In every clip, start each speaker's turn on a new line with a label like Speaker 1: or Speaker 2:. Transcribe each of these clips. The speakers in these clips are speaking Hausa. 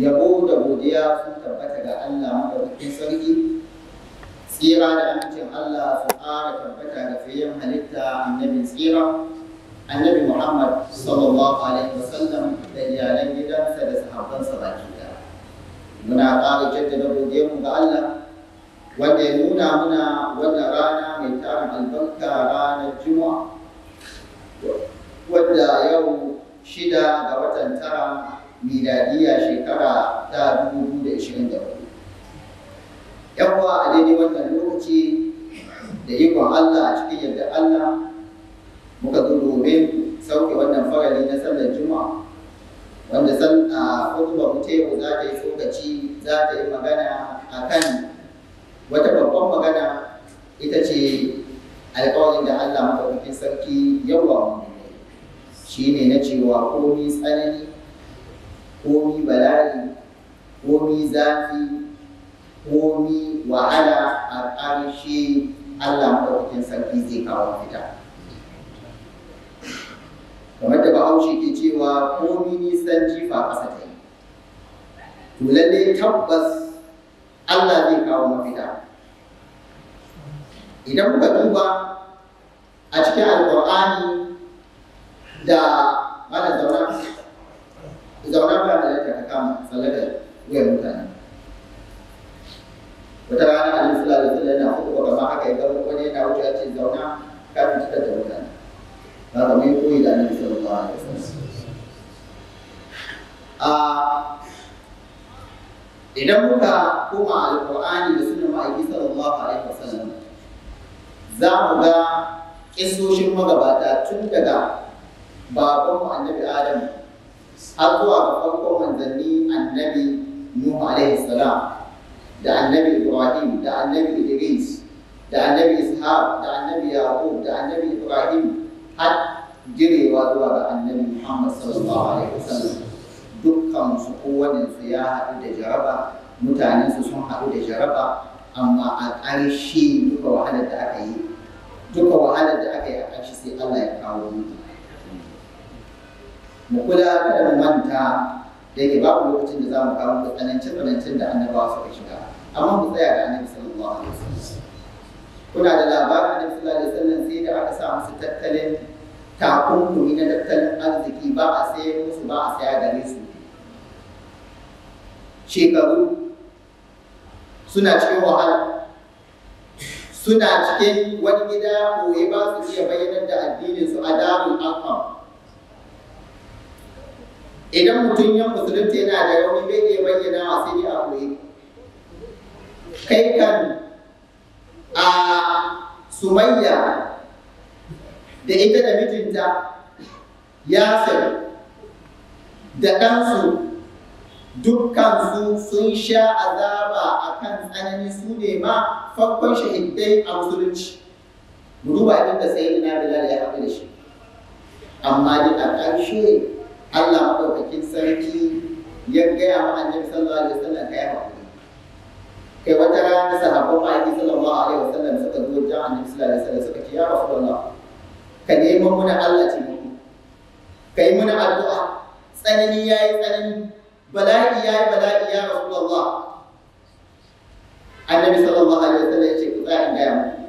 Speaker 1: yabo da godiya sun tabbata ga Allah madaukakin sarki tsira da amincin Allah su ƙara tabbata ga fiyen halitta annabin tsira annabi Muhammad sallallahu alaihi wasallam da iyalan gidansa da sahabbansa baki muna ƙara jaddada godiyarmu ga Allah wanda ya nuna muna wannan rana mai tarin albarka ranar Juma'a wadda yau shida ga watan tara miladiyya shekara ta 2024 yawwa a daidai wannan lokaci da ikon Allah a cikin yadda Allah muka zo domin sauke wannan farali na sallar juma'a wanda san a hutubar mutewa za ta yi tsokaci za ta yi magana a kan wata babban magana ita ce alƙawarin da Allah maɗaukakin sarki yawa shi ne na cewa komi tsanani komi bala'i komi zafi komi wahala a ƙarshe Allah maɗaukakin sarki zai kawo fita. Kamar da Bahaushe ke cewa komi nisan jifa ƙasa ta yi. To lalle tabbas Allah zai kawo mafita. Idan muka duba a cikin Alƙur'ani da mana Zauna zauna ba da yadda ka kama tsallakar wuyan mutane wata rana a yin sula da sula yana hukuka kama haka ya gaba wani yana wuce ce zauna kafin cikar da mutane ba ka mai koyi da annabi sallallahu alaihi wasallam a idan muka koma alqur'ani da sunan ma'aiki sallallahu alaihi wasallam za mu ga kisoshin magabata tun daga babanmu annabi adam abubuwa ga farkon manzanni annabi Nuhu alaihi salam da annabi Ibrahim da annabi Idris da annabi Ishaq da annabi Yaqub da annabi Ibrahim har girewa zuwa ga annabi Muhammad sallallahu alaihi wasallam dukkan su kowanne su ya haɗu da jaraba mutanen su sun haɗu da jaraba amma a ƙarshe duka wahalar da aka yi duka wahalar da aka yi a ƙarshe sai Allah ya kawo mutu mu kula da mu manta da yake babu lokacin da za mu kawo muku tsanancin da annabawa suka shiga amma mu tsaya da annabi sallallahu alaihi wasallam kuna da labarin da sallallahu alaihi wasallam sai da aka sa musu tattalin takunkumi na tattalin arziki ba a sayar musu ba a saya gare su shekaru suna cikin wahala suna cikin wani gida koyi ba su iya bayyanar da addinin su a damun alfam idan mutum ya musulunta yana da rauni bai iya bayyana wa sai dai a koyi kai kan a sumayya da ita da mijinta yasir da ɗansu dukkansu sun sha azaba a kan tsanani su ne ma farkon shahidai a musulunci mu duba abin da sai na bilal ya haɗu da shi amma da ƙarshe Allah maɗaukakin sarki ya gaya wa annabi sallallahu alaihi wasallam kai hakuri kai wata rana sahabban ma'aiki sallallahu alaihi wasallam suka zo wajen annabi sallallahu alaihi wasallam suka ce ya rasulullah ka nemi muna Allah ce ka yi muna addu'a tsanani ya yi tsanani bala'i ya yi bala'i ya rasulullah annabi sallallahu alaihi wasallam ya ce ku tsaya in gaya muku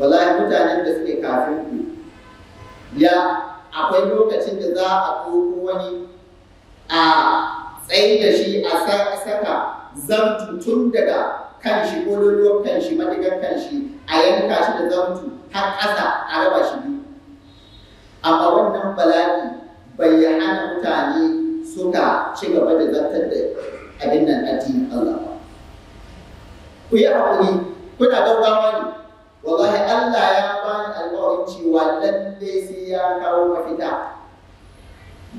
Speaker 1: wallahi mutanen da suke kafin ku ya akwai lokacin da za a ɗauko wani a tsayi da shi a saka zamtu tun daga kan shi ƙololuwar kan shi madigar kan shi a yanka shi da zamtu har ƙasa a raba shi biyu amma wannan bala'i bai hana mutane suka ci gaba da zartar da abin nan addinin Allah ku yi haƙuri kuna gaugawa ne wallahi Allah ya kaucewa lalle sai ya kawo mafita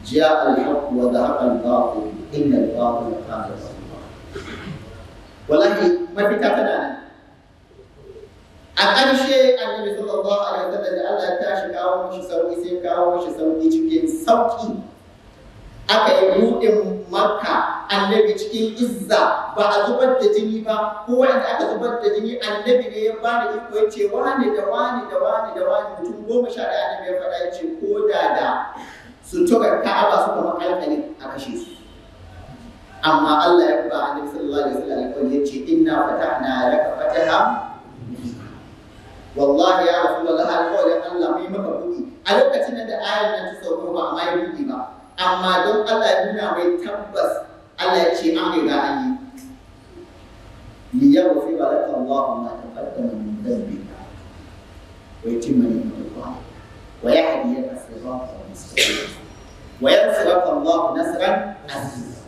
Speaker 1: jiya alhaku wa da haka albaku inda albaku na kafa suwa walaki mafita tana nan a ƙarshe an yi misalin zuwa a yanzu da Allah ya tashi kawo mashi sauki sai kawo mashi sauki cikin sauƙi aka yi buɗin makka annabi cikin izza ba a zubar da jini ba ko wanda aka zubar da jini annabi ne ya bani iko ya ce wani da wani da wani da wani mutum goma sha da annabi ya faɗa ya ce ko da da su tuka ka'aba suka makalkale a kashe su
Speaker 2: amma Allah ya ba
Speaker 1: annabi sallallahu alaihi wasallam alƙawari ya ce inna fatahna laka fataha wallahi ya rasulullah alƙawarin Allah mai maka buɗi a lokacin da ayar nan ta sauko ba amma ya buɗe ba amma don Allah nuna mai tabbas Allah ya ce an liya wa fi baraka ma riga an yi ليغفر لك الله wa تقدم من ذنبك ويتم mustaqim wa صراطا مستقيما وينصرك الله نصرا عزيزا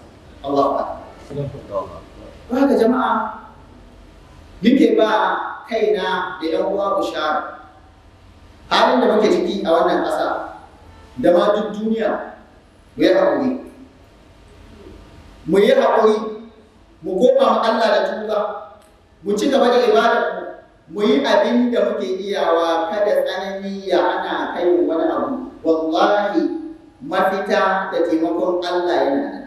Speaker 1: الله اكبر وهذا جماعه nake ba kaina da ‘yan uwa bishara halin da muke ciki a wannan ƙasa da ma duk duniya muyi haƙuri mu yi haƙuri mu goma ma Allah da tuba mu ci gaba da ibada mu yi abin da muke iyawa kada tsanani ya ana kai wani abu wallahi mafita da taimakon Allah yana nan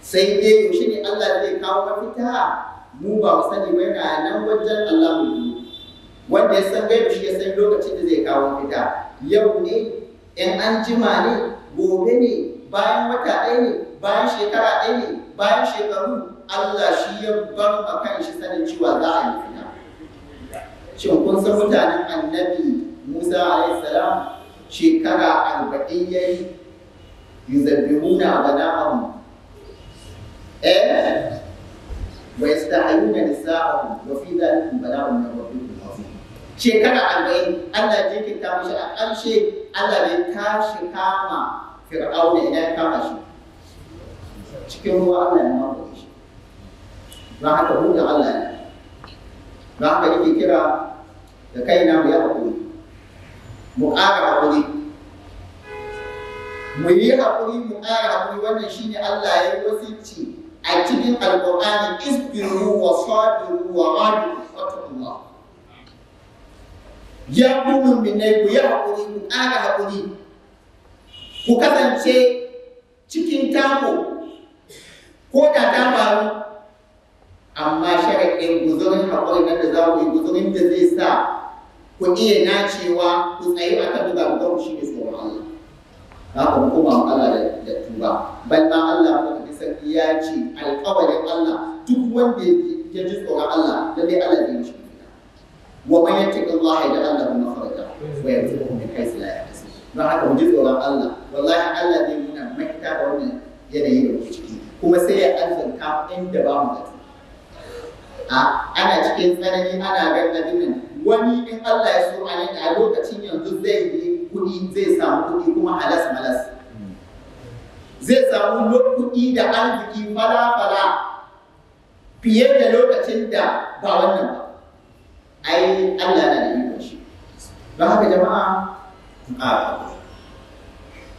Speaker 1: sai dai yaushe ne Allah zai kawo mafita mu ba mu sani ba yana nan wajen Allah mu wanda ya san gaibu shi ya san lokacin da zai kawo mafita yau ne in an jima ne gobe ne bayan wata ɗaya ne bayan shekara ɗaya ne bayan shekaru Allah shi ya bar a kan shi sanin cewa za a yi fita shin kun san mutanen annabi Musa alayhi salam shekara arba'in ya yi yuzabbihuna bana'ahum eh wa yastahyuna nisa'ahum wa fi dhalika bala'un min rabbihim shekara arba'in Allah ya jinkirta mashi a ƙarshe Allah ne ta shi kama fir'aun idan ya kama shi cikin ruwa Allah ya mako shi ba haka hudu Allah ne ba haka yake kira da kaina mu yi haƙuri mu ƙara haƙuri mu yi haƙuri mu ƙara haƙuri wannan shine Allah ya yi ci a cikin alƙur'ani isbiru wa sabiru wa rabitu ya ku mumminai ku ya hakuri ku ƙara haƙuri ku kasance cikin tako ko da ta faru amma sharaɗin guzurin hakuri nan da za ku yi guzurin da zai sa ku iya nacewa ku tsaye a kan duka ku shi ne tsoron Allah ba ku kuma Allah da tuba bal ma Allah ku da sarki ya ce alƙawarin Allah duk wanda ya ji tsoron Allah lalle Allah zai mishi ومن ya الله يجعل له مخرجا ويرزقه من حيث لا يحتسب don haka mu ji tsoron Allah wallahi Allah zai nuna mafita da wannan ya da muke ciki kuma sai ya arzanta inda ba mu zato a ana cikin tsanani ana gan abin wani in Allah ya so a a lokacin yanzu zai yi kuɗi zai samu kuɗi kuma halas malas zai samu kuɗi da arziki fala fala fiye da lokacin da ba wannan ai Allah yana da ikon shi don haka jama'a a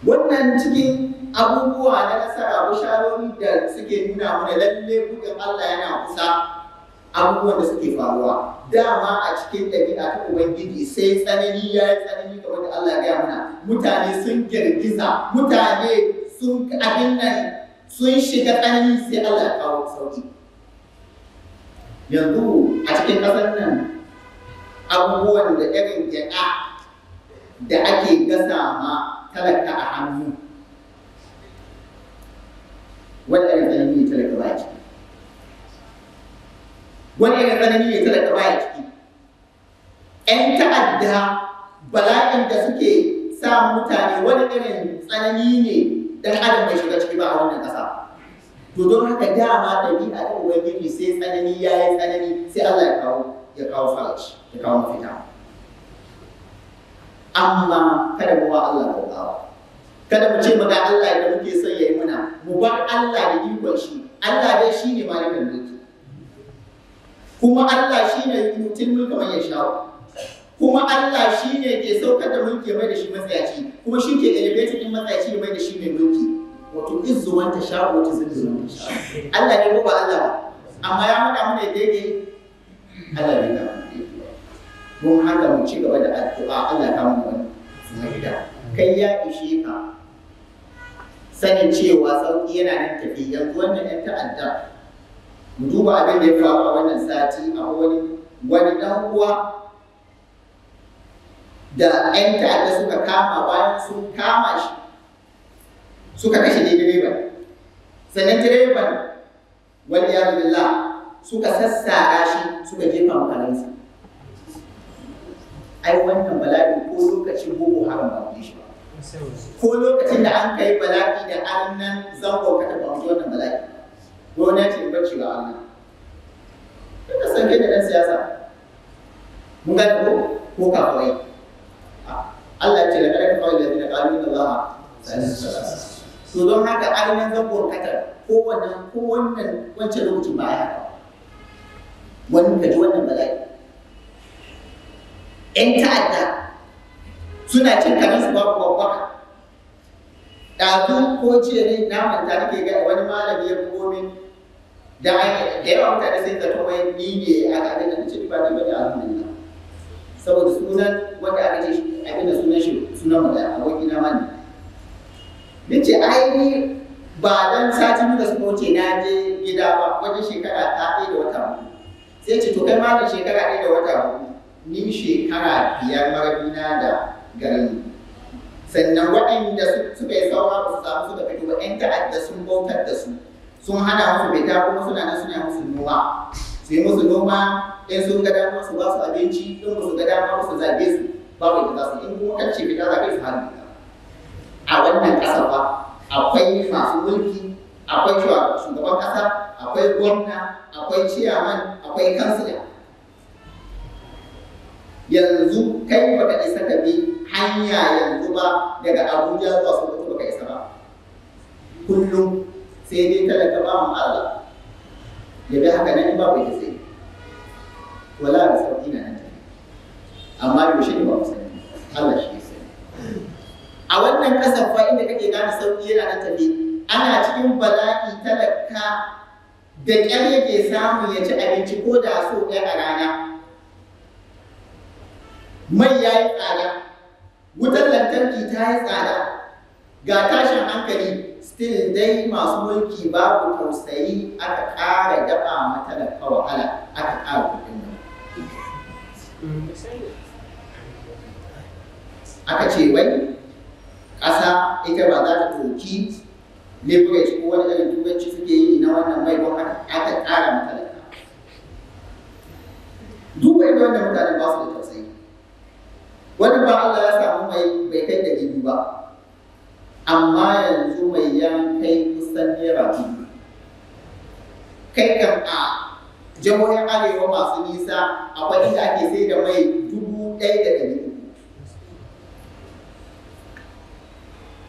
Speaker 1: wannan cikin abubuwa na nasara bisharori da suke nuna mana lalle buga, Allah yana kusa abubuwan da suke faruwa dama a cikin ɗabi'a ta ubangiji sai tsanani ya yi tsanani kamar da Allah ya gaya mana mutane sun girgiza mutane sun abin nan sun shiga tsanani sai Allah ya kawo sauki yanzu a cikin ƙasar nan abubuwan da irin gyaɗa da ake gasa ma talaka a hannu wani irin tsanani ne talaka baya ciki wani irin tsanani ne talaka baya ciki 'yan ta'adda bala'in da suke sa mutane wani irin tsanani ne dan adam bai shiga ciki ba a wannan ƙasa to don haka dama ɗabi'a ta ubangiji sai tsanani ya yi tsanani sai Allah ya kawo ya kawo farashi ya kawo mafita amma kada mu wa Allah gaugawa kada mu ce maga Allah da muke son yayi muna mu bar Allah da ikon shi Allah dai shi ne malikin mulki kuma Allah shi ne mutum mulka mai shawo kuma Allah shi ne ke saukar da mulki mai da shi matsayaci kuma shi ke elevate din matsayaci mai da shi mai mulki wato izzu ta shawo ta zilzuwan ta shawo Allah ne ko ba Allah ba amma ya haɗa mana daidai Allah bai kama da yake Mun haka mu ci gaba da addu'a Allah ka mu wani gida kai ya ishe ka sanin cewa sauki yana nan tafi yanzu wannan yan ta'adda mu duba abin da ya faru a wannan sati a wani wani dan uwa da yan ta'adda suka kama bayan sun kama shi suka kashe ne direban sannan direban wani ya la'a suka sassara shi suka jefa su ai wannan bala'i ko lokacin boko haram ba ku shi ko lokacin da an kai bala'i da annan zango ka ta wasu wannan bala'i gwamnati ba ce ba Allah san sanke da dan siyasa mun ga ko ko koyi Allah ce da kada ka fara da kalmin Allah to don haka annan zango ka ta ko wannan ko wannan wancan lokacin ba ya wani kaji wannan bala'i yan ta'adda suna cin su ba kwakwa ɗazu ko cire naman na manta nake ga wani malami ya bugo min da da yawa mutane sai zato mai ni ne aka abin da cikin ba ni bane alhamdulillah saboda sunan wanda ake ce abin da sunan shi sunan mutane aboki na mani nace ai ni ba dan sati da suka wuce na je gida ba wajen shekara ta da wata sai ce to kai malam shekara ɗaya da wata hudu ni shekara biyar marabina da garin sannan waɗanda suka yi saura ba su samu suka fito ba ƴan ta'adda sun bautar da su sun hana musu fita kuma suna nan suna musu noma su yi musu noma in sun ga dama su ba su abinci in ba su ga dama su zabe su babu da za su in kuma kan fita zabe su hannu a wannan ƙasa ba akwai masu mulki akwai shugaban ƙasa akwai gwamna akwai ciyaman akwai da yanzu kai baka isa ka bi hanya yanzu ba daga abuja zuwa kuma baka isa ba kullum sai dai talaka ba mu Allah ya bi haka nan ba ya sai wala da sauki na nan amma yaushe ne ba mu sani Allah shi ya sani a wannan kasar fa inda kake gane sauki yana nan tafi ana cikin bala'i talaka da ƙyar yake samun ya ci abinci ko da so ɗaya a rana mai ya yi tsada wutar lantarki ta yi tsada ga tashin hankali still dai masu mulki babu tausayi aka ƙara daɓa da wahala aka ƙara kuɗin nan aka ce wani ƙasa ita ba za ta toki leverage ko wani irin turanci suke yi na wannan mai ko aka aka tsara mata duk wani wannan mutanen ba su da tausayi wani ba Allah ya samu mai bai kai da gidi ba amma yanzu mai ya kai kusan naira kai kan a jamhuriyar arewa masu nisa akwai da ake sai da mai dubu ɗaya da ɗari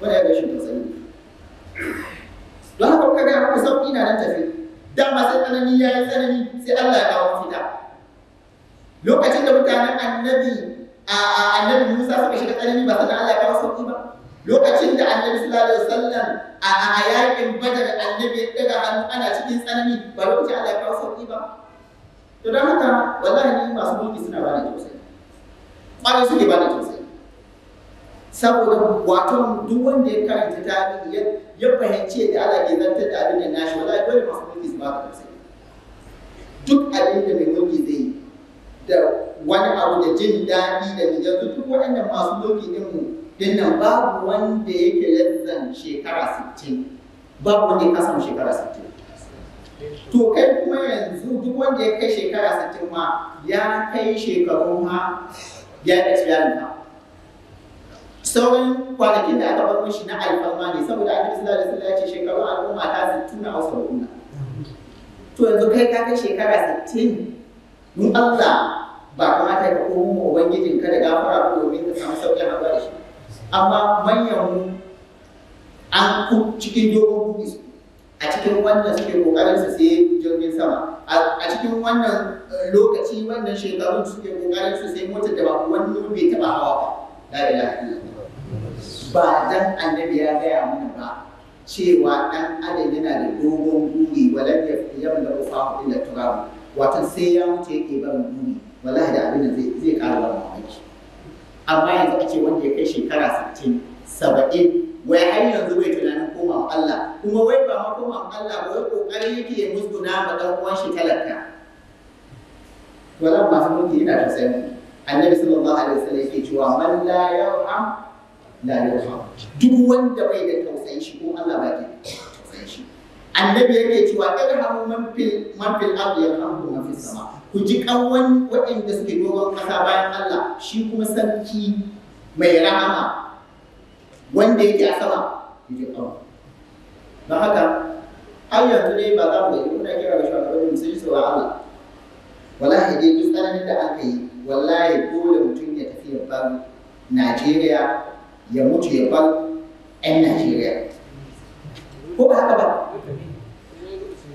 Speaker 1: Wani ya rashin tausayi. ina nan tafi dama sai tsanani ya yi tsanani sai Allah ya kawo fita lokacin da mutanen annabi a annabi Musa suka shiga tsanani ba sannan Allah ya kawo sauki ba lokacin da annabi sallallahu alaihi wasallam a yakin badar annabi ya daga hannu ana cikin tsanani ba lokacin Allah ya kawo sauki ba to dan haka wallahi masu mulki suna ba da tausayi ƙwarai suke ba da tausayi saboda wato duk wanda ya karanta tarihi ya fahimci yadda Allah ke zantar da abin da nashi wala dole masu mulki su ba sai duk abin da mai mulki zai yi da wani abu da jin daɗi da mijantu duk waɗannan masu mulki din mu nan babu wanda yake lazzan shekara 60 babu wanda ya kasan shekara 60 to kai kuma yanzu duk wanda ya kai shekara 60 ma ya kai shekaru ma ya expire ma sauran kwanakin da aka bakon shi na alfarma ne saboda annabi sallallahu alaihi wasallam ya ce shekarun al'umma ta 60 a wasu al'umma to yanzu kai ka kai shekara 60 mun Allah ba kamata ka komo mu ubangijin ka da gafara ko domin ka samu sauƙin hawa da shi amma manyan mu an ku cikin dogon kuɗi a cikin wannan suke kokarin su sai jirgin sama a cikin wannan eh, lokaci wannan shekarun suke kokarin su sai motar da ba wani bai taba hawa ba la ilaha illallah ba dan annabi ya gaya mana ba cewa dan adam yana da dogon buri wala ya yamma ufahu illa turab watan sai ya wuce yake ban buri wala da abin zai zai ƙara ba mamaki amma yanzu ake wanda ya kai shekara 60 70 wai har yanzu bai tunanin komawa Allah kuma wai ba ma komawa Allah ba wai kokari yake ya musguna ma dan uwan shi talaka wallahi masu mutu yana da sani annabi sallallahu alaihi wasallam yake cewa man la yarham la yarham duk wanda bai da tausayi shi ko Allah ba ke tausayi shi annabi yake cewa irhamu man fil man fil ardi yarhamhu man fis sama ku ji kawon waɗanda suke dogon ƙasa bayan Allah shi kuma sarki mai rahama wanda yake a sama ku ji kawon don haka har yanzu dai ba za mu yi muna kira ga shugabannin sun yi tsoron Allah Wala dai duk tsananin da aka yi wallahi dole mutum ya tafi ya bar Najeriya ya mutu ya bar 'yan Najeriya. Ko ba haka ba?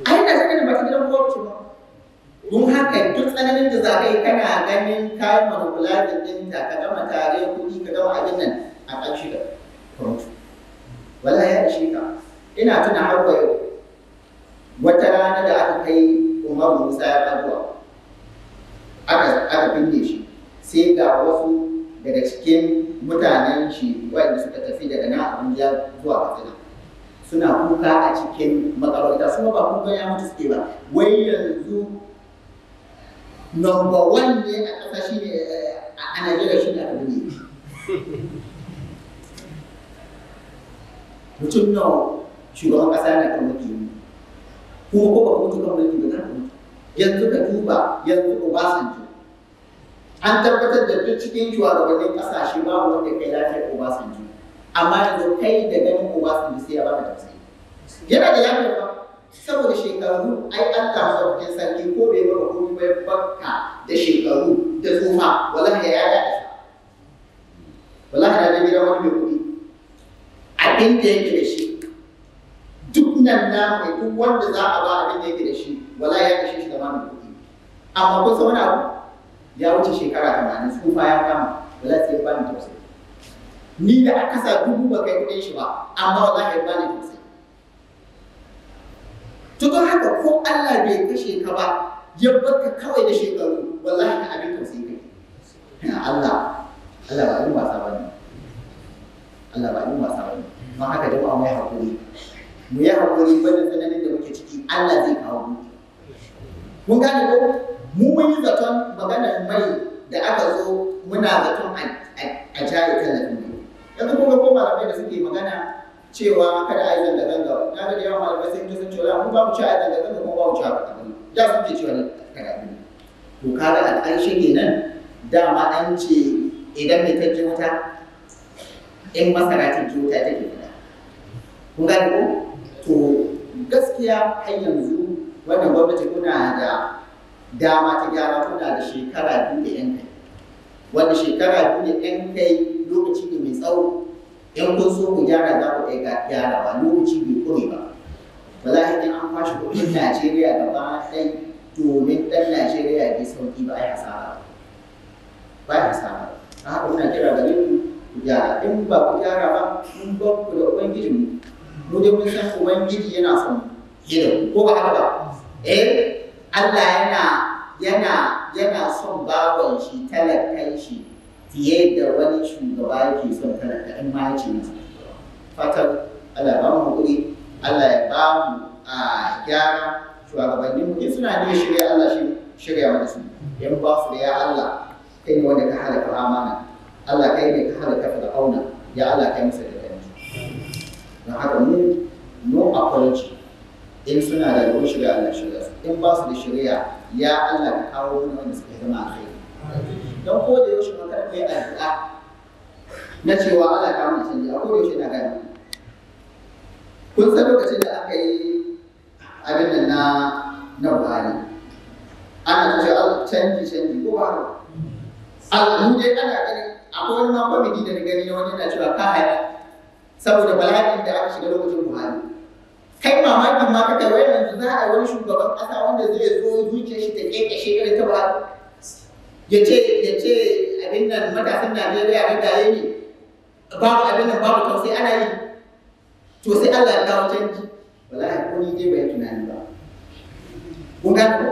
Speaker 1: Ai na saka da ba gidan gwamnati ba. Don haka duk tsananin da zagaye kana ganin kayan manipulatin da ka gama tare kuɗi ka gama abin nan a ƙarshe da Toronto. Wallahi ya ishe ka. Ina tuna har daga cikin mutanen shi wanda suka tafi daga na Abuja zuwa Katsina suna kuka a cikin makarauta su ba kuka ya mutu suke ba wai yanzu number one ne a ƙasa shi ne eh, a Najeriya shi ne a duniya mutum nawa shugaban ƙasa na kan mutu kuma ko ba mutu kan mutu ba za ka mutu yanzu ka duba yanzu Obasanjo an tabbatar da duk cikin shugabannin kasashe babu wanda kai lafiyar Obasanjo amma yanzu kai da ganin Obasanjo sai ya ba baka tausayi yana da yafi ba saboda shekaru ai an ta masa sarki ko bai ba ko bai bakka da shekaru da tsufa ka ya wala ka da gidan wani mai kuɗi a da yake da shi duk nan na mai duk wanda za a ba abin da yake da shi wala ya kashe shi da ma kuɗi amma kun san wani abu ya wuce shekara tamanin tsufa ya kama ba za su ni bani tausayi ni da aka sa dubu ba kai kudin shi ba amma wallahi ya bani tausayi to don haka ko Allah bai kashe ka ba ya barka kawai da shekaru wallahi ka abin tausayi kai Allah Allah ba abin wasa ne Allah ba abin wasa ne Ma haka jama'a mai hakuri mu yi hakuri bane tsananin da muke ciki Allah zai kawo mu mun gane ko mu mun yi zaton maganar mai da aka zo muna zaton a jaye tallafin mai yanzu kuma ko malamai da suke magana cewa kada a yi zanga-zanga na ga yawan malamai sun kusan cewa mu ba mu ci a zanga-zanga kuma ba mu ci a kuɗi da sun ke cewa ne karatu to kaga a ƙarshe kenan dama an ce idan mai kan wuta in masara ta take gida kun gani ko to gaskiya har yanzu wannan gwamnati kuna da dama ta gyara kuna da shekara biyu da yan kai wanda shekara biyu da yan kai lokaci ne mai tsawo yan kun so ku gyara za ku gyara ba lokaci bai kure ba ba za a yi an kwashe kuɗin Najeriya ba ɗaya domin ɗan Najeriya bai sauki ba a hasara ba a hasara a haka muna kira gare ku ku gyara in ba ku gyara ba mun ba ku da ubangijinmu mu mu dai mun san ubangiji yana son mu ko ba haka ba eh Allah yana yana yana son bawan shi talakai shi fiye da wani shugaba yake son talaka in ma yace masa fatan Allah ba mu hakuri Allah ya ba mu a gyara shugabannin mu suna ne shirya Allah shi shirya mana su yan ba su da ya Allah kai wanda ka halaka amana Allah kai ne ka halaka fir'auna ya Allah kai masa da kai don haka mu no apology in suna da ruwan shirya Allah shirya su in ba su da shirya ya Allah ka kawo wani wanda suka zama a kai don ko da yaushe kai a addu'a na cewa Allah ka mana canji a ko da yaushe na gani kun san lokacin da aka yi abin nan na na Buhari ana ta cewa canji canji ko ba al'adu dai ana gani akwai wani makon kwamiti da na gani na wani yana cewa ka haɗa saboda bala'in da aka shiga lokacin Buhari kai mamakin ma kake wai yanzu za a wani shugaban kasa wanda zai zo zuciya shi ta kekeshe irin ta ba ya ce ya ce abin nan matasan Najeriya da daye ne babu abin nan babu sai ana yi to sai Allah ya kawo canji wallahi ko ni dai bai tunani ba mun ga ko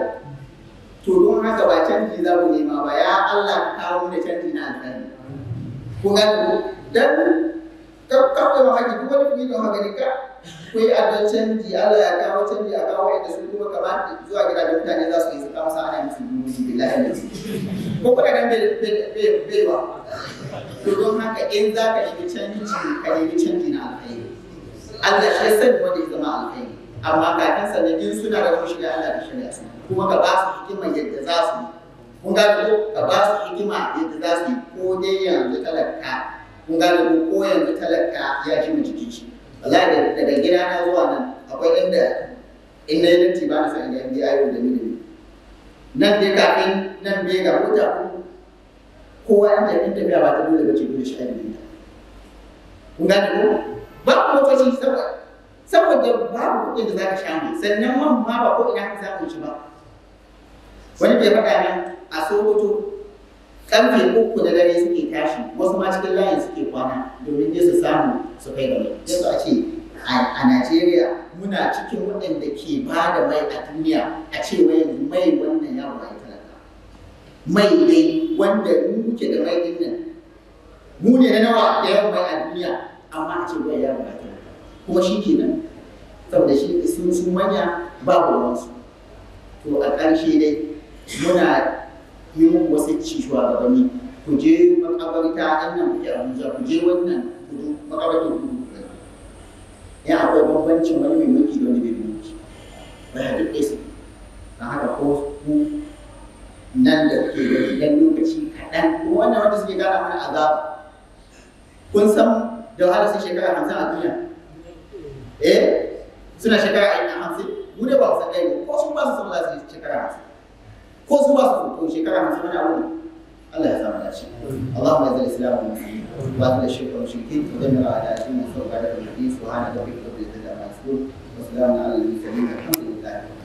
Speaker 1: to don haka ba canji za mu nema ba ya Allah ka kawo mu da canji na alƙali kun ga ko dan ka ka ba wani da haka ku yi addan canji Allah ya kawo canji a kawo inda su kuma kama zuwa gidajen mutane za su yi su kawo sa ana musu nuni billahi ne ko kuna nan baiwa to don haka in za ka yi canji ka yi canji na alkhairi Allah shi san wanda ya zama alkhairi amma kafin sannan in suna da wani da Allah da shi ne kuma ka ba su hikima yadda za su yi kun gane ko ka ba su hikima yadda za su yi ko dai yanzu talaka kun gane ko yanzu talaka ya shi mu jiki wallahi daga gida na zuwa nan akwai inda in na yi lanti ba na san idan bi ayo da mini nan dai kafin nan bai ga ko ta kowa yan tafi tafiya ba ta dole ba ce dole shi ayi ne kun gane ko ba ku lokaci saboda saboda babu kuɗin da za ka sha mai sannan man ma ba ko ina ka samu shi ba wani bai faɗa min a sokoto ƙarfe uku da dare suke tashi wasu ma cikin layin suke kwana domin je su samu su kai da mai yanzu a ce a Najeriya muna cikin waɗanda ke ba da mai a duniya a ce yanzu mai wannan ya ba talaka mai dai wanda muke da mai ɗin nan mu ne na nawa da yawan mai a duniya amma a ce wai ya ba talaka kuma shi ke nan saboda shi sun sun manya babu wansu to a ƙarshe dai muna yi wasu ci shugabanni ku je makabarta ɗan nan ku je Abuja ku je wannan makabakin kudu ya akwai bambancin wani mai mulki da wani mai mulki ba ya duk ɗaya don haka ko ku nan da kuke gani dan lokaci kaɗan ko wannan wanda suke gana mana azaba kun san da wahala sai shekara hamsin a duniya eh suna shekara a hamsin mu da ba su ɗaya ko su ba su san za su shekara hamsin ko su ba su shekara hamsin wani abu ne الله يرضى على شيء اللهم اعز الاسلام والمسلمين واذل الشرك والمشركين ودمر على اتم وانصر بعد الحديث وعن ربك رب العزه عما يصفون على المرسلين الحمد لله رب العالمين